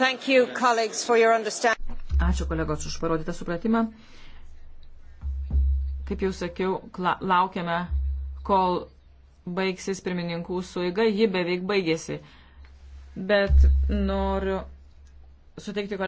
You, Ačiū kolegos už parodytą supratimą. Kaip jau sakiau, laukiame, kol baigsis pirmininkų suiga, ji beveik baigėsi. Bet noriu suteikti kolegos.